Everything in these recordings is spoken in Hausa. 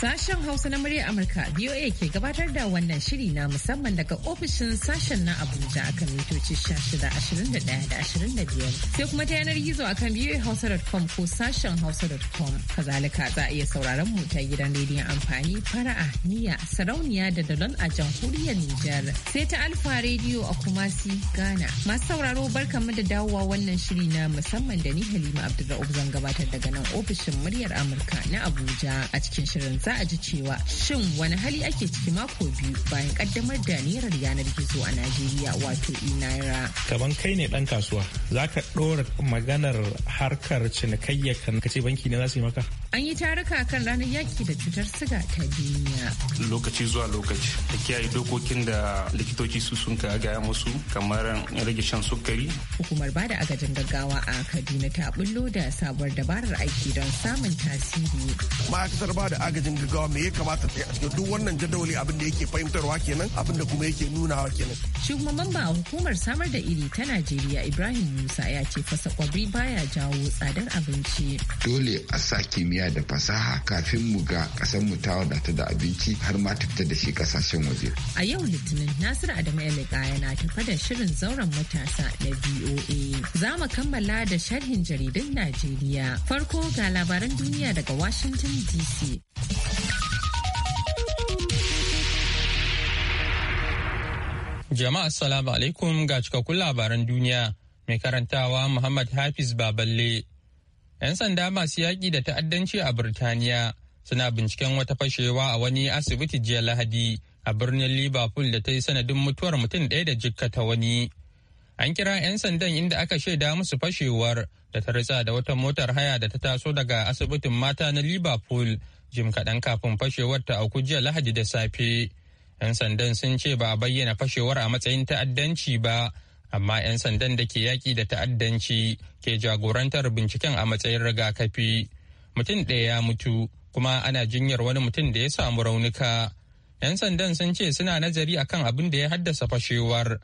Sashen Hausa na murya Amurka VOA ke gabatar da wannan shiri na musamman daga ofishin sashen na Abuja akan mitoci 16-21-25 sai kuma ta yanar gizo akan voahausa.com ko sashen hausa.com. Kazalika za a iya sauraron mu ta gidan rediyon amfani fara'a niyya sarauniya da dalon a jamhuriyar Nijar sai ta Alfa rediyo a Kumasi Ghana. Masu sauraro kamar da dawowa wannan shiri na musamman da ni Halima Abdulra'ub zan gabatar daga nan ofishin muryar Amurka na Abuja a cikin shirin za a ji cewa shin wani hali ake ciki mako biyu bayan kaddamar da nerar yanar gizo a Najeriya wato naira. Kaman kai ne dan kasuwa za ka ɗora maganar harkar cinikayya kan kace banki ne za su yi maka. An yi taruka kan ranar yaki da cutar siga ta duniya. Lokaci zuwa lokaci da kiyaye dokokin da likitoci su sun gaya musu kamar rage shan sukari. Hukumar bada agajin gaggawa a Kaduna ta bullo da sabuwar dabarar aiki don samun tasiri. Ma'aikatar bada agajin gawa me ya kamata ta yi a cikin duk wannan jadawali abin da yake fahimtarwa kenan abin da kuma yake nunawa kenan. shi kuma mamba a hukumar samar da iri ta najeriya ibrahim musa ya ce fasa kwabri baya jawo tsadar abinci. dole a sa kimiyya da fasaha kafin mu ga kasan mu ta wadata da abinci har ma ta fita da shi kasashen waje. a yau litinin nasiru adamu yalika yana tafa da shirin zauren matasa na voa za mu kammala da sharhin jaridun najeriya farko ga labaran duniya daga washington dc Jama'a assalamu alaikum ga cikakkun labaran duniya mai karantawa Muhammad Hafiz Baballe. 'Yan sanda masu yaƙi da ta'addanci a Birtaniya suna binciken wata fashewa a wani asibiti jiya Lahadi a birnin Liverpool da ta yi sanadin mutuwar mutum ɗaya da jikkata wani. An kira 'yan sandan inda aka shaida musu fashewar da ta ritsa da wata motar haya da ta taso daga asibitin mata na liverpool jim kaɗan kafin fashewar ta auku jiya lahadi da safe 'yan sandan sun ce ba a bayyana fashewar a matsayin ta'addanci ba amma 'yan sandan da ke yaƙi da ta'addanci ke jagorantar binciken a matsayin rigakafi mutum ɗaya ya mutu kuma ana jinyar wani mutum da ya samu raunuka 'yan sandan sun ce suna nazari akan abin da ya haddasa fashewar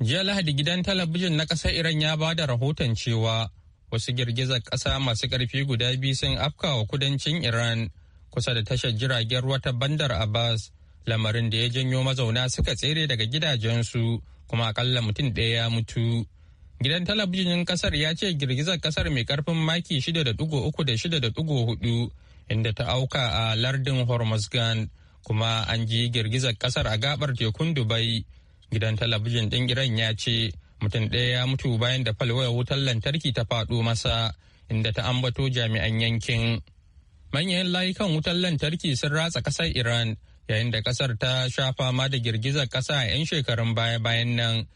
jiya lahadi gidan talabijin na ƙasar iran ya ba da rahoton cewa wasu girgizar ƙasa masu ƙarfi guda biyu sun afka wa kudancin iran kusa da tashar jiragen ruwa ta bandar abbas lamarin da ya janyo mazauna suka tsere daga gidajensu kuma akalla mutum ɗaya ya mutu gidan talabijin ƙasar ya ce girgizar ƙasar mai ƙarfin maki 6.3 da 6.4 inda ta auka a lardin hormuzgan kuma an ji girgizar ƙasar a gaɓar tekun dubai gidan talabijin ɗin iran ya ce mutum ɗaya ya mutu bayan da falwayar wutar lantarki ta faɗo masa inda ta ambato jami'an yankin manyan layukan wutar lantarki sun ratsa ƙasar iran yayin da ƙasar ta sha fama da girgizar ƙasa a 'yan shekarun baya-bayan nan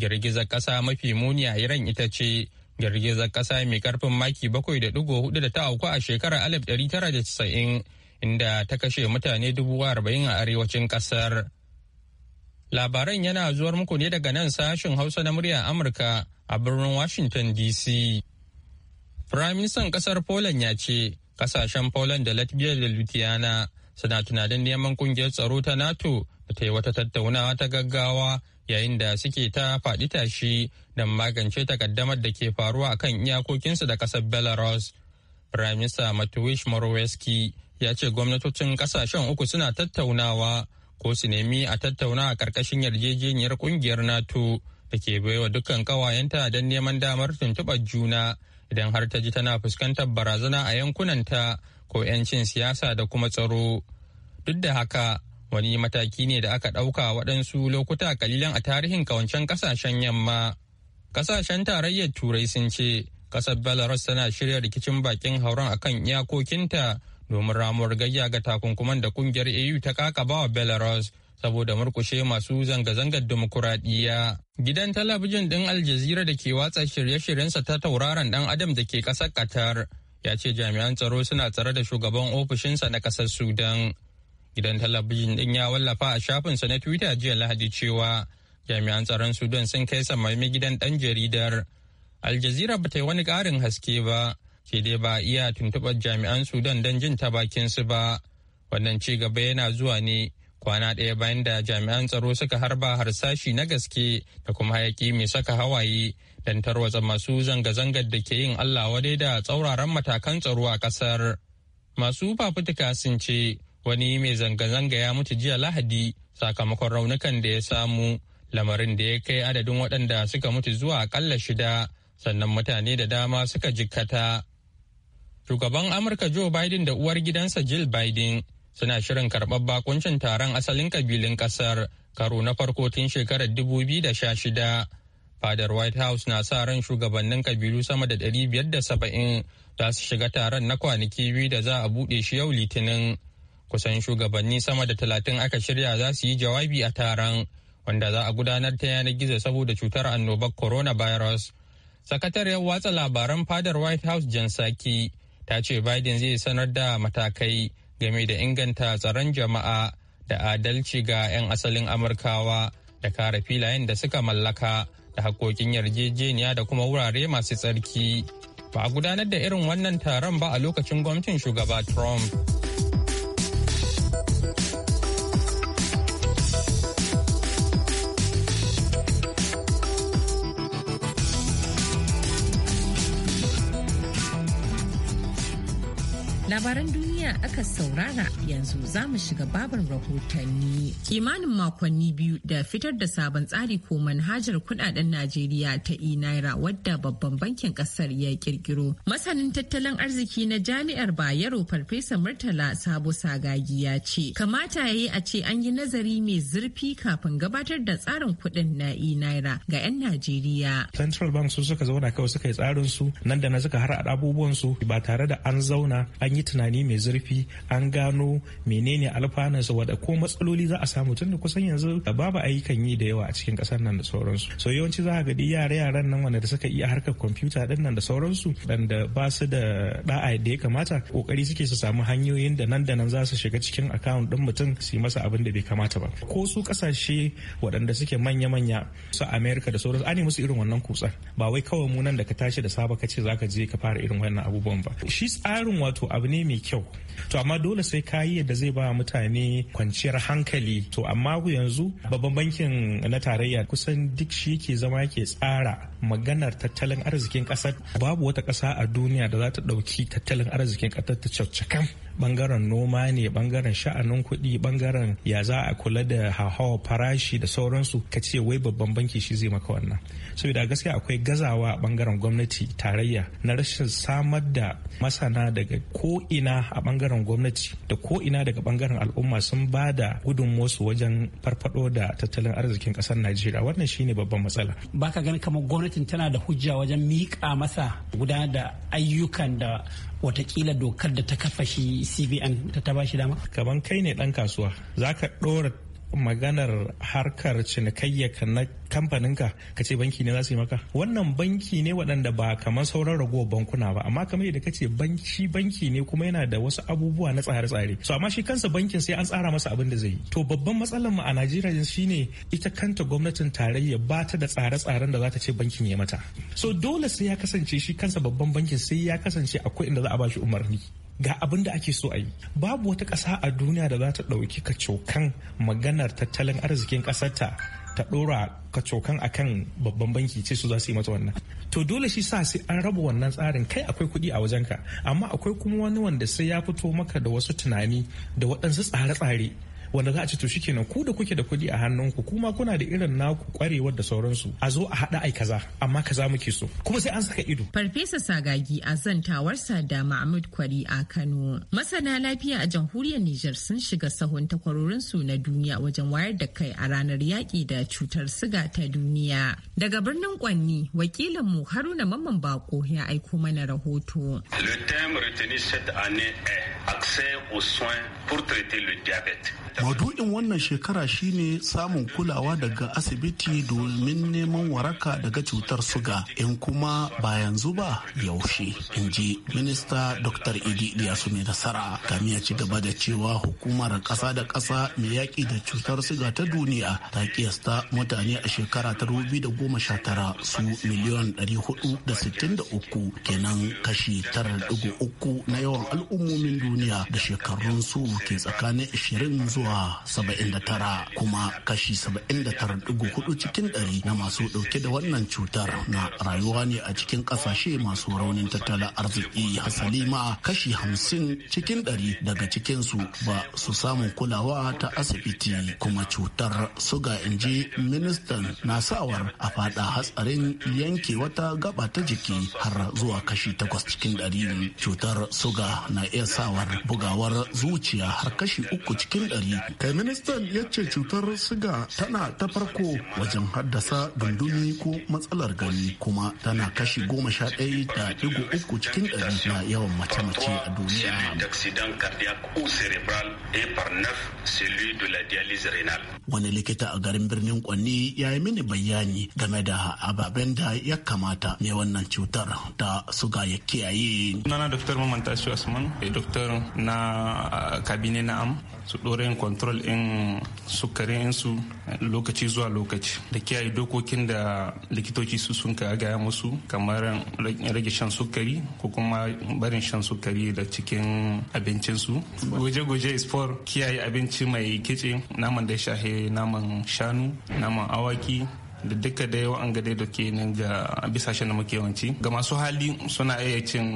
girgizar ƙasa mafi muni a iran ita ce girgizar ƙasa mai karfin maki bakwai da hudu da ta auku a shekarar alif tara da casa'in inda ta kashe mutane dubu arba'in a arewacin ƙasar Labaran yana zuwar muku ne daga nan sashen Hausa na murya Amurka a birnin Washington DC. Firaministan ƙasar Poland ya ce, ƙasashen Poland da Latvia da Lithuania suna tunanin neman ƙungiyar tsaro ta NATO da ta yi wata tattaunawa ta gaggawa yayin da suke ta faɗi tashi don magance takaddamar da ke faruwa a kan iyakokinsu da ƙasar Belarus. Firaminista Matwish Morawski ya ce gwamnatocin ƙasashen uku suna tattaunawa ko su nemi a tattauna a ƙarƙashin yarjejeniyar ƙungiyar nato da ke baiwa dukkan ƙawayenta don neman damar tuntuɓar juna idan har ta ji tana fuskantar barazana a yankunanta ko 'yancin siyasa da kuma tsaro duk da haka wani mataki ne da aka ɗauka waɗansu lokuta kalilan a tarihin kawancen ƙasashen yamma ƙasashen tarayyar turai sun ce ƙasar belarus tana shirya rikicin bakin hauren akan iyakokinta domin ramuwar gayya ga takunkuman da kungiyar AU ta kakaba wa Belarus saboda murkushe masu zanga-zangar demokuraɗiyya. Gidan talabijin ɗin Al Jazeera da ke watsa shirye-shiryensa ta tauraron ɗan Adam da ke ƙasar Qatar ya ce jami'an tsaro suna tsare da shugaban ofishinsa na ƙasar Sudan. Gidan talabijin ɗin ya wallafa a shafinsa na Twitter jiya Lahadi cewa jami'an tsaron Sudan sun kai samaimi gidan ɗan jaridar. Al Jazeera ba ta yi wani ƙarin haske ba sai dai ba iya tuntuɓar jami'an sudan don jin ta bakin su ba wannan ci gaba yana zuwa ne kwana ɗaya bayan da jami'an tsaro suka harba harsashi na gaske da kuma hayaki mai saka hawaye don tarwatsa masu zanga-zangar da ke yin allah wadai da tsauraran matakan tsaro a ƙasar masu fafutuka sun ce wani mai zanga-zanga ya mutu jiya lahadi sakamakon raunukan da ya samu lamarin da ya kai adadin waɗanda suka mutu zuwa akalla shida sannan mutane da dama suka jikkata Shugaban Amurka Joe Biden da uwar gidansa Jill Biden suna shirin karɓar bakuncin taron asalin kabilin ƙasar karo na farko tun shekarar 2016. Fadar White House na sa ran shugabannin kabilu sama da 570 za su shiga taron na kwanaki biyu da za a buɗe shi yau Litinin. Kusan shugabanni sama da 30 aka shirya za su yi jawabi a taron wanda za a gudanar ta yanar gizo saboda cutar annobar coronavirus. Sakatariyar watsa labaran fadar White House Jan Saki ta ce biden zai sanar da matakai game da inganta tsaron jama'a da adalci ga 'yan asalin amurkawa da kare filayen da suka mallaka da hakokin yarjejeniya da kuma wurare masu tsarki ba a gudanar da irin wannan taron ba a lokacin gwamnatin shugaba trump labaran duniya duniya aka saurara yanzu za mu shiga babin rahotanni. Kimanin makonni biyu da fitar da sabon tsari ko manhajar kudaden Najeriya ta e-naira wadda babban bankin kasar ya kirkiro. Masanin tattalin arziki na jami'ar Bayero Farfesa Murtala Sabo Sagagi ya ce, kamata ya yi a ce an yi nazari mai zurfi kafin gabatar da tsarin kudin na e-naira ga 'yan Najeriya. Central Bank su suka zauna kawai suka yi tsarin su nan da na suka har abubuwan su ba tare da an zauna an yi tunani mai zurfi zurfi an gano menene alfanarsa wada ko matsaloli za a samu tun da kusan yanzu babu ayyukan yi da yawa a cikin kasar nan da sauransu so yawanci za a ga yare yaran nan wanda suka iya harkar kwamfuta din nan da sauransu da ba su da da'a da ya kamata kokari suke su samu hanyoyin da nan da nan za su shiga cikin account din mutum su yi masa abin da bai kamata ba ko su kasashe waɗanda suke manya-manya su america da sauransu an musu irin wannan kutsar ba wai kawai mu nan da ka tashi da saba ka ce zaka je ka fara irin wannan abubuwan ba shi tsarin wato abu ne mai kyau to amma dole sai kayi yadda zai ba mutane kwanciyar hankali to amma yanzu babban bankin na tarayya kusan duk shi yake zama yake tsara maganar tattalin arzikin ƙasar. babu wata ƙasa a duniya da za ta ɗauki tattalin arzikin ƙasar ta cakcakan bangaren noma ne bangaren sha'anin kuɗi bangaren ya za a kula da hauhawar farashi da sauransu ka ce wai babban banki shi zai maka wannan saboda gaskiya akwai gazawa a bangaren gwamnati tarayya na rashin samar da masana daga ko ina a bangaren gwamnati da ko ina daga bangaren al'umma sun ba da gudunmuwarsu wajen farfado da tattalin arzikin ƙasar najeriya wannan shine babban matsala baka ganin kamar gwamnatin tana da hujja wajen miƙa masa gudanar da ayyukan da watakila dokar da ta kafa shi cbn ta ta bashi dama kaman kai ne dan kasuwa zaka ɗora maganar harkar cinikayya na kamfaninka ka ce banki ne za su yi maka wannan banki ne waɗanda ba kamar sauran ragowar bankuna ba amma kamar yadda ka ce banki banki ne kuma yana da wasu abubuwa na tsare-tsare so amma shi kansa bankin sai an tsara masa abin da zai yi to babban matsalar mu a Najeriya shine ita kanta gwamnatin tarayya ba ta da tsare-tsaren da za ta ce bankin ya mata so dole sai ya kasance shi kansa babban bankin sai ya kasance akwai inda za a ba shi umarni ga abin da ake so a yi babu wata ƙasa a duniya da za ta ɗauki kacokan maganar tattalin arzikin ƙasarta ta ɗora kacokan a kan babban banki ce su za su yi mata wannan to dole shi sa sai an raba wannan tsarin kai akwai kuɗi a wajenka amma akwai kuma wani wanda sai ya fito maka da wasu tunani da waɗansu tsare-tsare wanda za a ce to shikenan ku da kuke da kuɗi a hannunku kuma kuna da irin naku kwarewar da sauransu a zo a haɗa ai kaza amma kaza muke so kuma sai an saka ido. Farfesa Sagagi a zantawar da Mahmud Kwari a Kano. Masana lafiya a jamhuriyar Niger sun shiga sahun takwarorinsu na duniya wajen wayar da kai a ranar yaƙi da cutar siga ta duniya. Daga birnin Kwanni, wakilin mu Haruna Mamman Bako ya aiko mana rahoto. Le retenu cette année est accès aux soins pour traiter le diabète. Maudu'in wannan shekara shine samun kulawa daga asibiti domin neman waraka daga cutar suga in kuma ba yanzu ba yaushe, in ji minista Dr. Idi Diyasu mai nasara. Kami ya ci gaba da cewa hukumar kasa da kasa mai yaƙi da cutar suga ta duniya ta kiyasta mutane a shekara ta 2019 su miliyon 463 kenan kashi 9.3 na yawan al'ummomin duniya. duniya da shekarun su ke tsakanin 20 zuwa 79 kuma kashi 79.4 cikin dari na masu ɗauke da wannan cutar na rayuwa ne a cikin ƙasashe masu raunin tattalin arziki hasali ma kashi 50 cikin dari daga cikinsu ba su samun kulawa ta asibiti kuma cutar suga in ji ministan nasawar a fada hatsarin yanke wata gaba ta jiki har zuwa kashi 8 cikin dari cutar suga na iya sawa bugawar zuciya har kashi uku cikin ɗari. Kai ministan ya ce cutar siga tana ta farko wajen haddasa gundumi ko matsalar gani kuma tana kashi goma sha ɗaya da digo uku cikin ɗari na yawan mace-mace a duniya. Wani likita a garin birnin Kwanni ya yi mini bayani game da ababen da ya kamata ne wannan cutar da suga ya kiyaye. nana doktor Maman Tasiu Asman, eh, Dr. na ah, kabine na am su ɗora control in sukarin su eh, lokaci zuwa lokaci da kiyaye dokokin da likitoci su sun ka gaya musu kamar rage shan sukari ko kuma barin shan sukari da cikin abincinsu goje-goje sport kiyaye abinci mai kitse naman da shahe naman shanu naman awaki da duka da yawan gade da ke nan ga bisashen da muke yawanci ga masu hali suna iya cin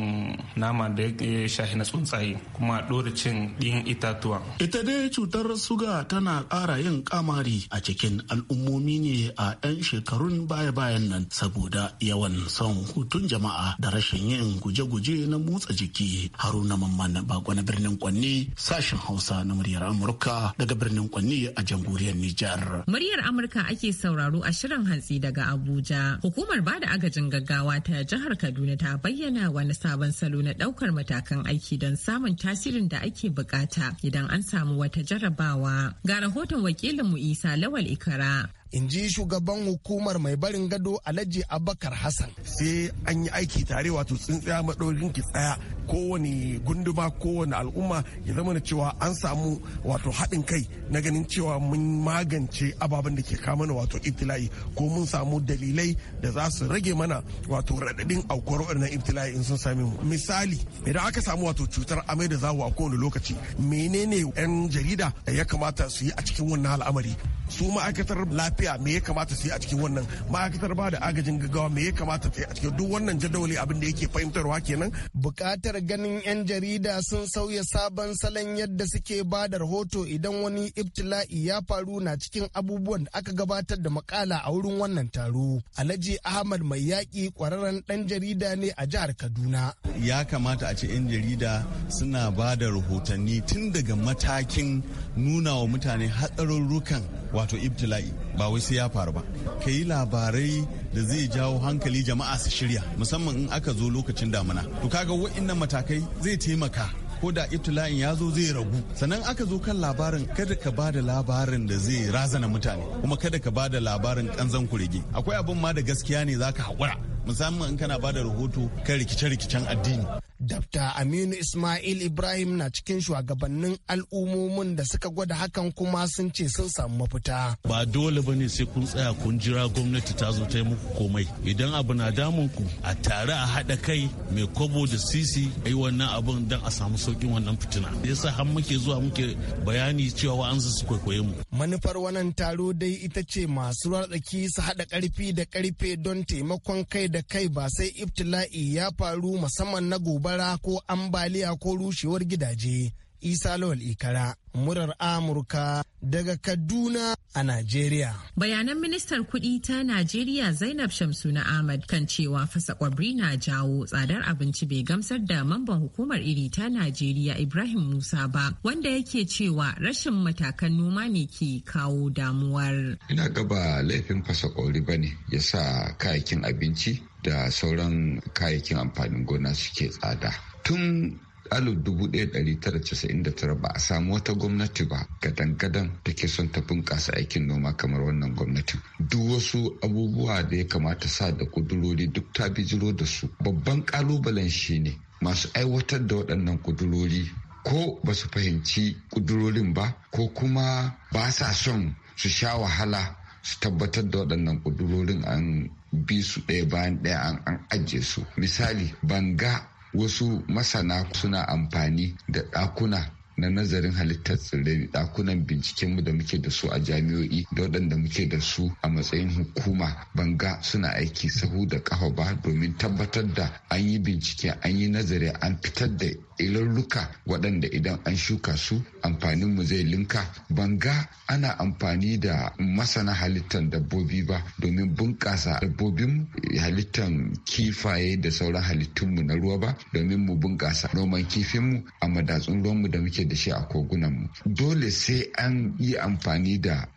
nama da ya shahi na tsuntsaye kuma dora cin ɗin itatuwa ita dai cutar suga tana ƙara yin kamari a cikin al'ummomi ne a 'yan shekarun baya-bayan nan saboda yawan son hutun jama'a da rashin yin guje-guje na motsa jiki haruna mamman bako na birnin kwanni sashen hausa na muryar amurka daga birnin kwanni a jamhuriyar nijar muryar amurka ake sauraro a shirin kan hantsi daga Abuja. Hukumar bada agajin gaggawa ta jihar Kaduna ta bayyana wani sabon salo na daukar matakan aiki don samun tasirin da ake bukata idan an samu wata jarrabawa. Ga rahoton wakilinmu Isa Lawal Ikara. in ji shugaban hukumar mai barin gado alhaji abakar hassan sai an yi aiki tare wato tsintsiya maɗaurin ki tsaya kowane gunduma kowane al'umma ya zama na cewa an samu wato haɗin kai na ganin cewa mun magance ababen da ke na wato ibtila'i ko mun samu dalilai da za su rage mana wato raɗaɗin aukuwar waɗannan ibtila'i in sun sami mu misali idan aka samu wato cutar amai da zawo a kowane lokaci menene 'yan jarida ya kamata su yi a cikin wannan al'amari su ma'aikatar lafiya me ya kamata su yi a cikin wannan ma'aikatar ba da agajin gaggawa me ya kamata su yi a cikin duk wannan jadawali abin da yake fahimtarwa kenan buƙatar ganin 'yan jarida sun sauya sabon salon yadda suke ba da rahoto idan wani ibtila'i ya faru na cikin abubuwan da aka gabatar da makala a wurin wannan taro alhaji ahmad mai yaƙi ƙwararren ɗan jarida ne a jihar kaduna ya kamata a ce 'yan jarida suna ba da rahotanni tun daga matakin nuna wa mutane hatsarurrukan wato ibtila'i ba wai sai ya faru ba ka yi labarai da zai jawo hankali jama'a su shirya musamman in aka zo lokacin damuna to kaga wa'innan matakai zai taimaka ko da ibtila'in ya zo zai ragu sannan aka zo kan labarin kada ka ba da labarin da zai razana mutane kuma kada ka ba da labarin kanzan kurege akwai abin ma da gaskiya ne zaka haƙura musamman in kana ba da rahoto kan rikice-rikicen addini Dr. Aminu Ismail Ibrahim na cikin shugabannin al'ummomin da suka gwada hakan kuma sun ce sun samu mafita. Ba dole ba ne sai kun tsaya kun jira gwamnati ta zo ta yi muku komai. Idan abu na damun ku a tare a haɗa kai mai kwabo da sisi a yi wannan abin don a samu sauƙin wannan fitina. Yasa har muke zuwa muke bayani cewa an su kwaikwaye mu. Manufar wannan taro dai ita ce masu tsaki su haɗa ƙarfi da ƙarfe don taimakon kai da kai ba sai ibtila'i ya faru musamman na gobe gobara ko ambaliya ko rushewar gidaje isa lawal ikara murar amurka daga kaduna a najeriya bayanan ministar kudi ta najeriya zainab Shamsu na ahmad kan cewa fasa kwabri na jawo tsadar abinci bai gamsar da mamban hukumar iri ta najeriya ibrahim musa ba wanda yake cewa rashin matakan noma ne ke kawo damuwar ina gaba laifin fasa kwabri bane, ya sa kayakin abinci da sauran kayayyakin amfanin gona suke tsada tun 1999 ba a samu wata gwamnati ba gadan-gadan da ke son ta bunƙasa aikin noma kamar wannan gwamnati duk wasu abubuwa da ya kamata sa da kudurori duk ta bijiro da su babban ƙalubalen shi ne. masu aiwatar da waɗannan kudurori ko ba su fahimci kudurorin ba ko kuma ba sa son su sha wahala su tabbatar da waɗannan ƙudurorin an bi su ɗaya bayan ɗaya an ajiye su misali banga wasu masana suna amfani da ɗakuna na nazarin halittar tsirrai ɗakunan bincikenmu da muke da su a jami'o'i da waɗanda muke da su a matsayin hukuma banga suna aiki sahu da ƙafa ba domin tabbatar da an yi bincike an yi nazari an fitar da ilarruka waɗanda idan an shuka su amfaninmu zai linka banga ana amfani da masana halittar dabbobi ba domin bunƙasa dabbobin halittar kifaye da sauran halittunmu na ruwa ba domin mu bunƙasa noman kifinmu a madatsun ruwanmu da muke da shi a kogunanmu dole sai an yi amfani da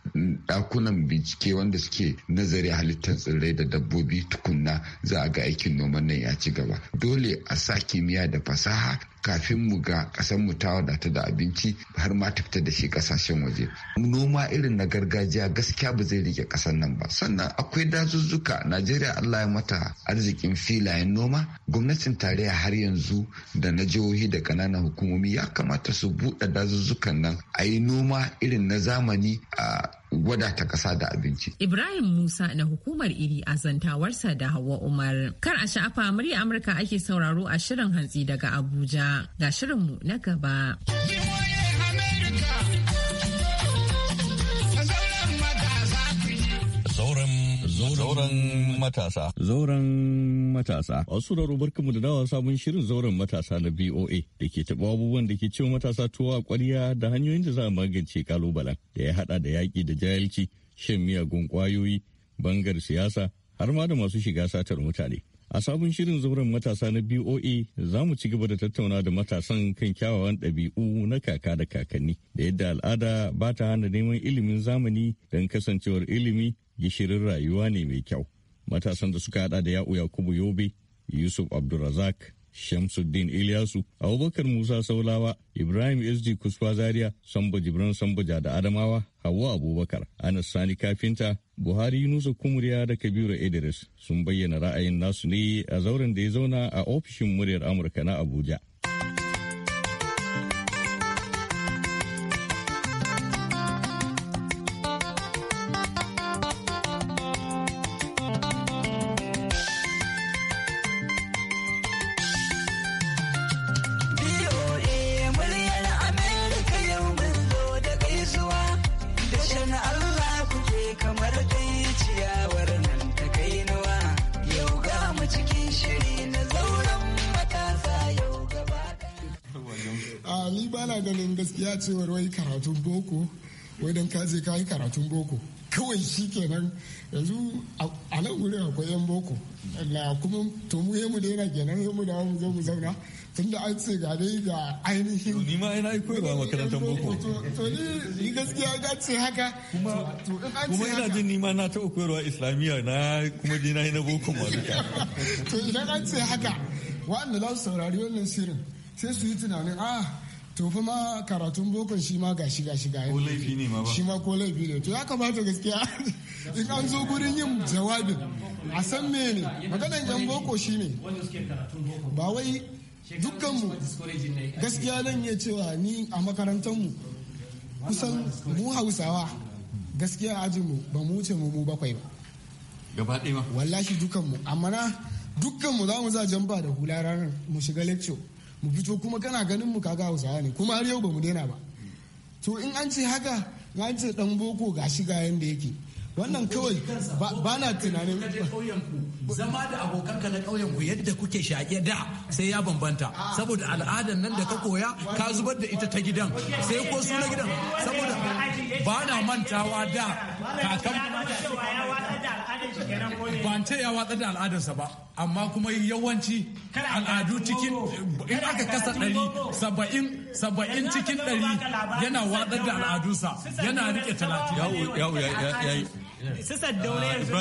ɗakunan bincike wanda suke nazari halittar tsirrai da dabbobi tukunna za a ga aikin noman nan ya ci gaba dole a sa kimiyya da fasaha kafin mu ga kasan mu ta wadata da abinci har ma ta fita da shi kasashen waje noma irin na gargajiya gaskiya ba zai rike kasan nan ba sannan akwai dazuzzuka najeriya allah ya mata arzikin filayen noma gwamnatin tarayya har yanzu da na jihohi da ƙananan hukumomi ya kamata su buɗe dazuzzukan nan a noma irin na zamani a gwada ta ƙasa da abinci. Ibrahim Musa na hukumar iri a zantawarsa da Hawa Umar. Kar a sha'afa murya Amurka ake sauraro a shirin hantsi daga Abuja. Ga shirinmu na gaba. Zauren matasa. Zauren matasa. Wasu raro barkamu da dawa sabon shirin zauren matasa na BOA da ke taɓa abubuwan da ke cewa matasa tuwa a kwarya da hanyoyin da za a magance kalubalen da ya haɗa da yaƙi da jahilci, shan miyagun ƙwayoyi, bangar siyasa, har ma da masu shiga satar mutane. A sabon shirin zauren matasa na BOA za mu ci gaba da tattauna da matasan kan kyawawan ɗabi'u na kaka da kakanni da yadda al'ada ba ta hana neman ilimin zamani don kasancewar ilimi gishirin rayuwa ne mai kyau. Matasan da suka hada da ya'u Yakubu Yobe, Yusuf Abdulrazak, Shamsuddin Ilyasu, Abubakar Musa Saulawa, Ibrahim SD Kusfa Zaria, Sambo Jibran Sambaja da Adamawa, Hawwa Abubakar, Anas Sani Kafinta, Buhari Yunusa Kumuriya da Kabiru Idris sun bayyana ra'ayin nasu ne a zauren da ya zauna a ofishin muryar Amurka na Abuja. nan yanzu a nan wurin akwai yan boko na kuma to mu mu yana kenan sai mu da mu zo mu zauna tun da an ce gane ga ainihin ni ma ina koyi ba makarantar boko to ni gaskiya ga ce haka kuma ina jin ni ma na ta koyarwa islamiyya na kuma je na yi na boko ma duka to idan an ce haka wa'anda za su saurari wannan shirin sai su yi tunanin ah to fi ma karatun bokon shi ma gashi gashi ga ko laifi ne shi ma ko laifi ne to ya kamata gaskiya in an zo gurin yin jawabin a san me ne maganan yan boko shi ne ba wai dukkanmu gaskiya nan ya cewa ni a makarantar mu kusan mu hausawa gaskiya ajinmu ba mu wuce mu mu bakwai ba gaba ɗaya wallahi dukkanmu amma na dukkanmu za mu za jamba da hula mu shiga lecture mu fito kuma kana ganin mu kaga hausawa ne kuma har yau ba mu daina ba to in an ce haka an ce dan boko ga shi ga yanda yake wannan kawai ba na tunanin zama da abokanka na ƙauyen ku yadda kuke shaƙe da sai ya bambanta saboda al'adar nan da ka koya ka zubar da ita ta gidan sai ko su na gidan saboda ba na mantawa da kakan Bance ya watsar da al'adarsa ba, amma kuma yawanci al'adu cikin in aka kasa ɗari saba'in cikin ɗari yana watsar da al'adunsa yana rike talatin. su saddaune ah, yanzu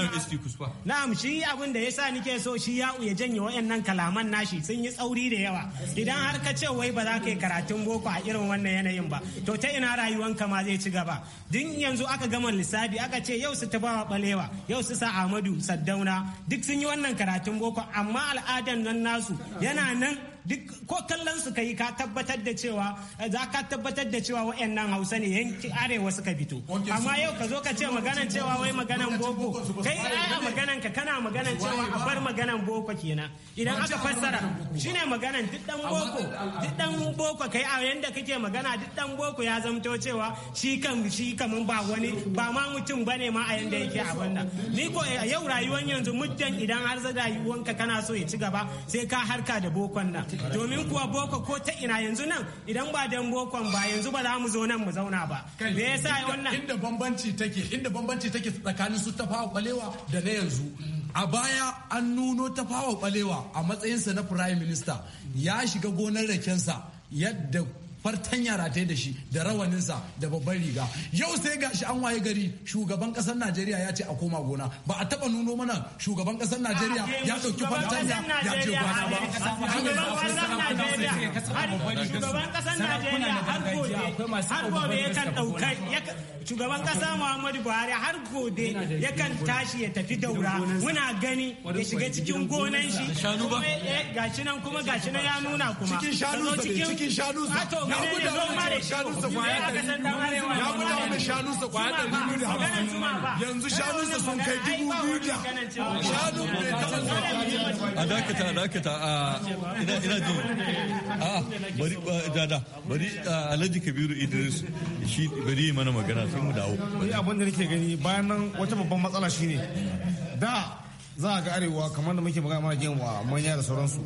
na'am shi abin da ya sa nike so shi ya ya janye wayannan kalaman nashi sun yi tsauri da yawa idan har ka ce wai ba za ka yi karatun boko a irin wannan yanayin ba to ta ina rayuwan ka ma zai ci gaba din yanzu aka gama lissafi aka ce yau su ta tabawa balewa yau su sa Ahmadu Saddauna duk sun yi wannan karatun boko amma al'adan nan nasu yana nan duk ko kallon su kai ka tabbatar da cewa za ka tabbatar da cewa wayannan Hausa ne yanki arewa suka fito amma yau ka zo ka ce maganan cewa wai maganan boko kai a maganan ka kana maganan cewa a bar maganan boko kenan idan aka fassara shine maganan duk dan boko duk dan boko kai a yanda kake magana duk dan boko ya zamto cewa shi kan shi kaman ba wani ba ma mutum bane ma a yanda yake a banda ni ko eh, yau rayuwar yanzu muddan idan har za rayuwanka kana so ya ci gaba sai ka harka da bokon nan domin kuwa boko ko ta ina yanzu nan idan ba dan bokon ba yanzu ba za mu zo nan mu zauna ba me yasa wannan inda bambanci take inda bambanci take tsakanin su tafawa balewa da na yanzu a baya an nuno tafawa balewa a matsayinsa na prime minister ya shiga gonar rakensa yadda fartanya rataye da shi da rawaninsa da babban riga yau sai gashi an waye gari shugaban kasar najeriya ya ce a koma gona ba a taba nuno mana shugaban kasar najeriya ah, ya dauki fartanya ya ce gona ba shugaban kasar najeriya har shugaban kasa muhammadu buhari har ya yakan tashi ya tafi daura muna gani ya shiga cikin gonan shi gashi nan kuma gashi nan ya nuna kuma cikin shanu cikin shanu ya guda wani sun kai dubu shanu bai taɓa a dakata a ina bari alhaji kabiru idris shi bari yi mana magana sai mu dawo abin da nake gani bayan nan wata babban matsala shine da za a ga arewa kamar da muke magana mana gemu a manya da sauransu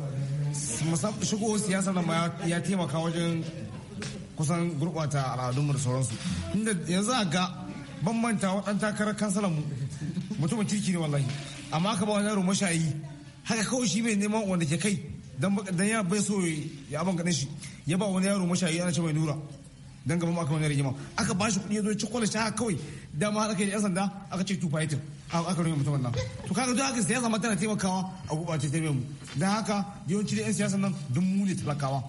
shigo siyasa nan ya taimaka wajen kusan gurɓata al'adunmu da sauransu inda yanzu a ga bambanta waɗan takarar kansalan mu mutumin kirki ne wallahi amma aka ba wani yaro mashayi haka kawai shi bai neman wanda ke kai dan ya bai so ya abin gaɗin shi ya ba wani yaro mashayi ana ce mai nura dan gaban aka wani rigima aka ba shi kuɗi ya zo ci kwallo shi haka kawai dama aka yi yan sanda aka ce two fighting aka rufe mutum wannan to kaga duk haka siyasa ma tana taimakawa a gurɓace ta mu dan haka yawanci da yan siyasa nan dun mu ne talakawa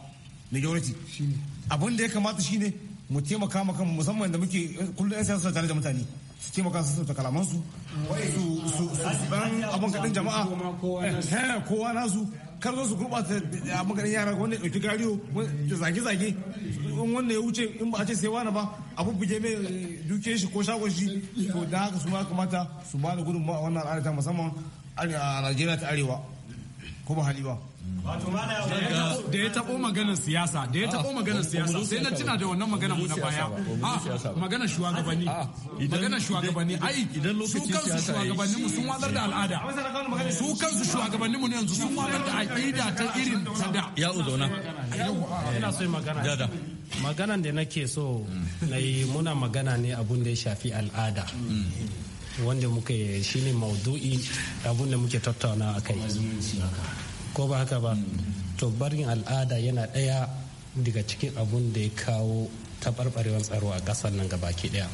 majority abin da ya kamata shine mu taimaka maka musamman da muke kullum 'yan siyasa tare da mutane su taimaka su sauta kalamansu su su ban abin kaɗin jama'a eh, eh, kowa nasu kar zo su gurɓata abin kaɗin yara wanda ɗauki gariyo zage-zage in wanda ya wuce in ba a ce sai wani ba abu buge mai eh, duke shi ko shagon shi to da haka su ma kamata su ba da gudunmawa a wannan al'ada musamman a Najeriya ta Arewa. ko ba hali ba da ya taɓo maganar siyasa da ya taɓo maganar siyasa sai na tuna da wannan maganar mu na baya maganar shugabanni maganar shugabanni ai su kansu shugabanni mu sun watsar da al'ada su kansu shugabanni mu yanzu sun watsar da aqida ta irin sada da ya uzauna ina so eh, magana da maganan da nake so nayi muna magana ne abun da ya shafi al'ada mm. wanda shi ne maudu'i abun da muke tattauna a kai ko ba haka ba to barin al'ada yana ɗaya daga cikin abun da ya kawo taɓarɓarewar tsaro a ƙasar nan baki ɗaya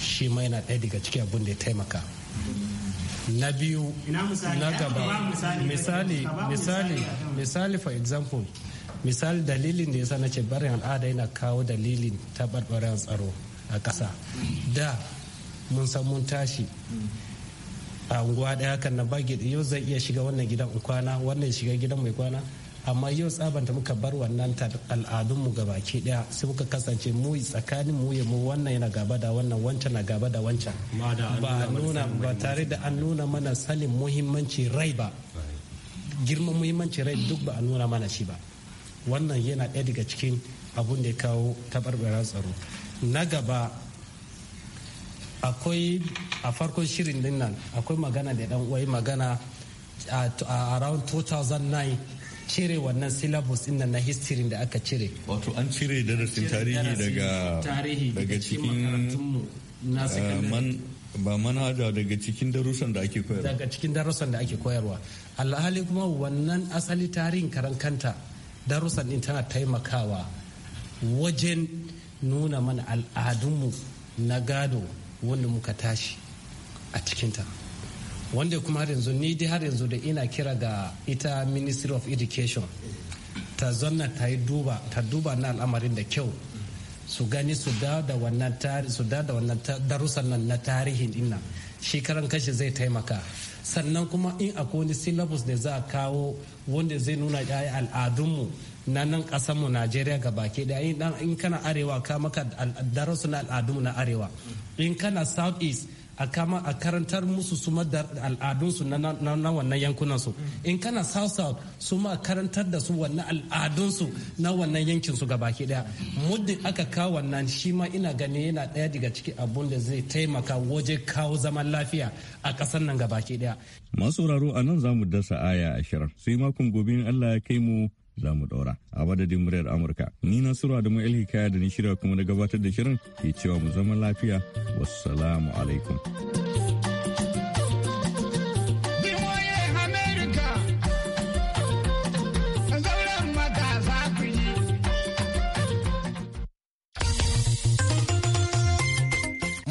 shi ma yana ɗaya daga cikin abun da ya taimaka na biyu na gaba misali misali misali for example misali dalilin da ya sa na ce barin al'ada yana kawo dalilin taɓarɓarewar tsaro a ƙasa da mun san mun tashi a unguwa daya kan na ba yau zai iya shiga wannan gidan kwana wannan shiga gidan mai kwana amma yau tsabanta muka bar wannan al'adunmu ga baki daya sai muka kasance mu tsakanin mu ya mu wannan yana gaba da wannan wancan na gaba da wancan ba nuna ba tare da an nuna mana salin muhimmanci rai ba girman muhimmanci rai duk ba a nuna mana shi ba wannan yana daya daga cikin abun da ya kawo tabarbara tsaro na gaba akwai a farkon shirin din nan akwai magana da dan uwai magana a around 2009 cire wannan syllabus din nan na history da aka cire wato an cire darasin tarihi daga daga cikin eh, ba manhaja daga cikin darussan da ake koyarwa daga cikin darussan da ake koyarwa alhali kuma wannan asali tarihin karan kanta darussan din tana taimakawa wajen nuna mana al'adunmu na gado wanda muka tashi a cikinta wanda kuma har yanzu ni dai har yanzu da ina kira ga ita ministry of education ta zonna ta yi duba ta duba na al'amarin da kyau su gani su da da wannan tarihi su da da wannan darussan nan na tarihin dinnan shi karan kashi zai taimaka sannan kuma in akwai wani syllabus da za a kawo wanda zai nuna yayi al'adunmu na nan kasarmu najeriya ga baki ɗaya in kana arewa ka maka darasu na al'adunmu na arewa in kana south east a kama a karantar musu su da al'adunsu na wannan yankunansu in kana south south su ma karantar da su wannan al'adunsu na wannan yankin su baki daya muddin aka kawo wannan shi ma ina gani yana daya daga ciki abun da zai taimaka waje kawo zaman lafiya a kasar nan gabaki daya masu raro a nan zamu dasa aya ashirin sai makon gobe in allah ya kai mu za mu ɗora. A madadin muryar Amurka, ni na surwa da Ma'il Hikaya da ni shirya kuma na gabatar da shirin ke cewa mu zama lafiya. Wassalamu alaikum.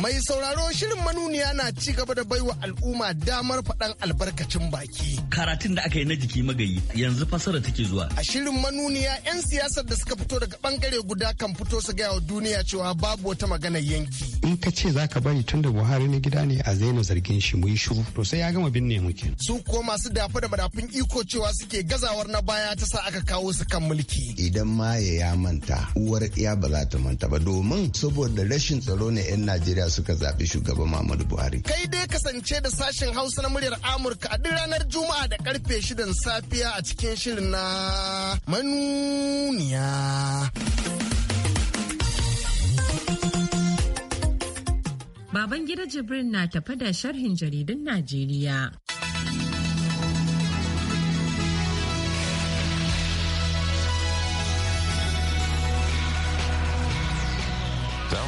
Mai sauraro shirin manuniya na ci gaba da baiwa al'umma damar faɗan albarkacin baki. Karatun da aka yi na jiki magayi yanzu fasara take zuwa. A shirin manuniya 'yan siyasar da suka fito daga bangare guda kan fito su gaya wa duniya cewa babu wata magana yanki. In ka ce za ka bari tun da Buhari na gida ne a zaina zargin shi mu yi shiru to sai ya gama binne mu Su ko masu dafa da madafin iko cewa suke gazawar na baya ta sa aka kawo su kan mulki. Idan ma ya manta uwar iya ba za ta manta ba domin saboda rashin tsaro ne 'yan Najeriya suka zaɓi shugaban Muhammadu Buhari. Kai dai kasance da sashen Hausa na muryar Amurka a duk ranar Juma'a da karfe shidan safiya a cikin shirin na manuniya. Baban gida Jibrin na tafa da sharhin jaridun Najeriya.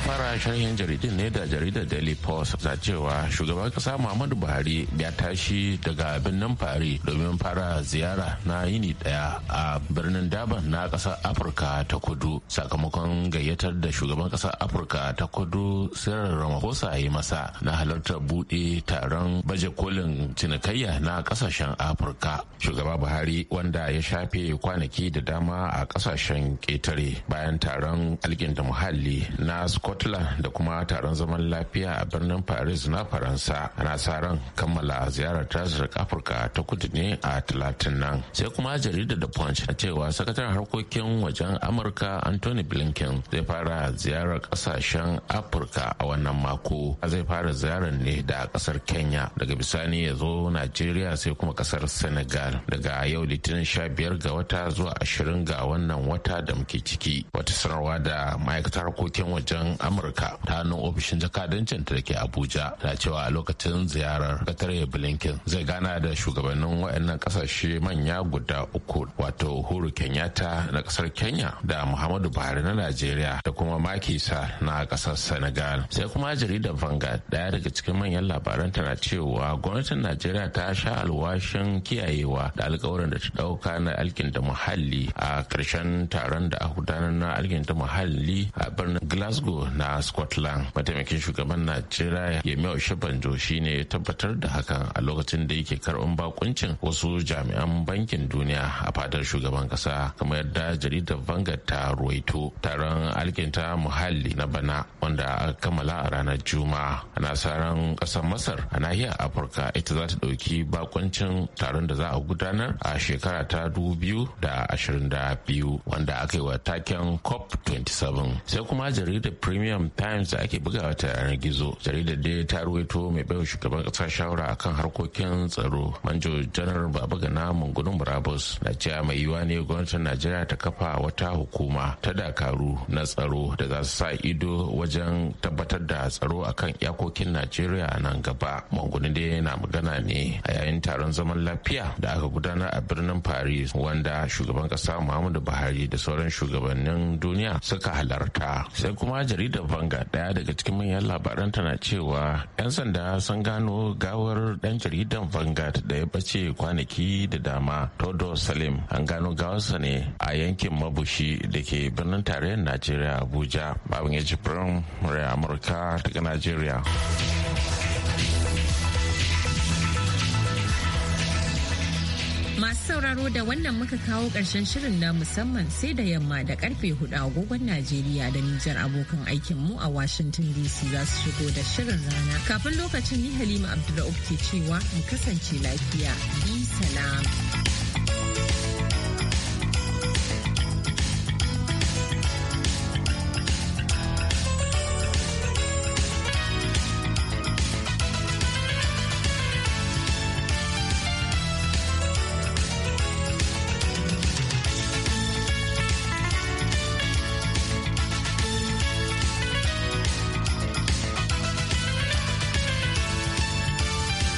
fara sharhin jaridin ne da jaridar daily post za cewa shugaban kasa muhammadu buhari ya tashi daga birnin fari domin fara ziyara na yini daya a birnin daban na kasar afirka ta kudu sakamakon gayyatar da shugaban kasar afirka ta kudu sirar ramaphosa yi masa na halartar bude taron baje kolin cinikayya na kasashen afirka shugaba buhari wanda ya shafe kwanaki da dama a kasashen ketare bayan taron alkinta muhalli na scott scotland da kuma taron zaman lafiya a birnin paris na faransa ana sa ran kammala ziyarar tazirar afirka ta kudu ne a talatin nan sai kuma jaridar da punch na cewa sakataren harkokin wajen amurka anthony blinken zai fara ziyarar kasashen afirka a wannan mako zai fara ziyarar ne da kasar kenya daga bisani ya zo najeriya sai kuma kasar senegal daga yau litinin sha biyar ga wata zuwa ashirin ga wannan wata da muke ciki wata sanarwa da ma'aikatar harkokin wajen amurka ta hannun ofishin jakadancin da ke abuja na cewa a lokacin ziyarar katare blinken zai gana da shugabannin waɗannan ƙasashe manya guda uku wato uhuru kenyatta na ƙasar kenya da muhammadu buhari na najeriya da kuma makisa na ƙasar senegal sai kuma jaridar vanga ɗaya daga cikin manyan labaran tana cewa gwamnatin najeriya ta sha alwashin kiyayewa da alkawarin da ta ɗauka na alkinta muhalli a ƙarshen taron da aka gudanar na alkinta muhalli a birnin glasgow na scotland mataimakin shugaban najeriya yemi oshibanjo shine ya tabbatar da hakan a lokacin da yake karɓar bakuncin wasu jami'an bankin duniya a fadar shugaban kasa kamar yadda jaridar vanguard ta ruwaito taron alkinta muhalli na bana wanda aka kammala a ranar juma'a a nasarar ƙasar masar a nahiyar afirka ita za ta ɗauki bakuncin taron da za a gudanar a shekara ta da ashirin biyu wanda aka yi wa taken cop 27 sai kuma jaridar premium times da ake bugawa ta yanar gizo jaridar da ta ruwaito mai baiwa shugaban kasa shawara akan harkokin tsaro manjo janar babagana mungunin murabus na cewa mai yiwa ne gwamnatin najeriya ta kafa wata hukuma ta dakaru na tsaro da za su sa ido wajen tabbatar da tsaro akan iyakokin najeriya nan gaba mungunin dai na magana ne a yayin taron zaman lafiya da aka gudanar a birnin paris wanda shugaban kasa muhammadu buhari da sauran shugabannin duniya suka halarta sai kuma jaridar jaridar Vanga daya daga cikin manyan labaran tana cewa 'yan sanda sun gano gawar dan jaridar Vanga da ya bace kwanaki da dama Todo Salim an gano gawarsa ne a yankin Mabushi da ke birnin tarayyar Najeriya Abuja. Babin ya jibrin Amurka daga Najeriya. Masu sauraro da wannan muka kawo ƙarshen shirin na musamman sai da yamma da karfe hudu a agogon Najeriya da Nijar abokan aikinmu a Washington DC za su shigo da shirin rana. Kafin lokacin ni Halima Abdulrauf ke cewa mu kasance lafiya. Bi salam.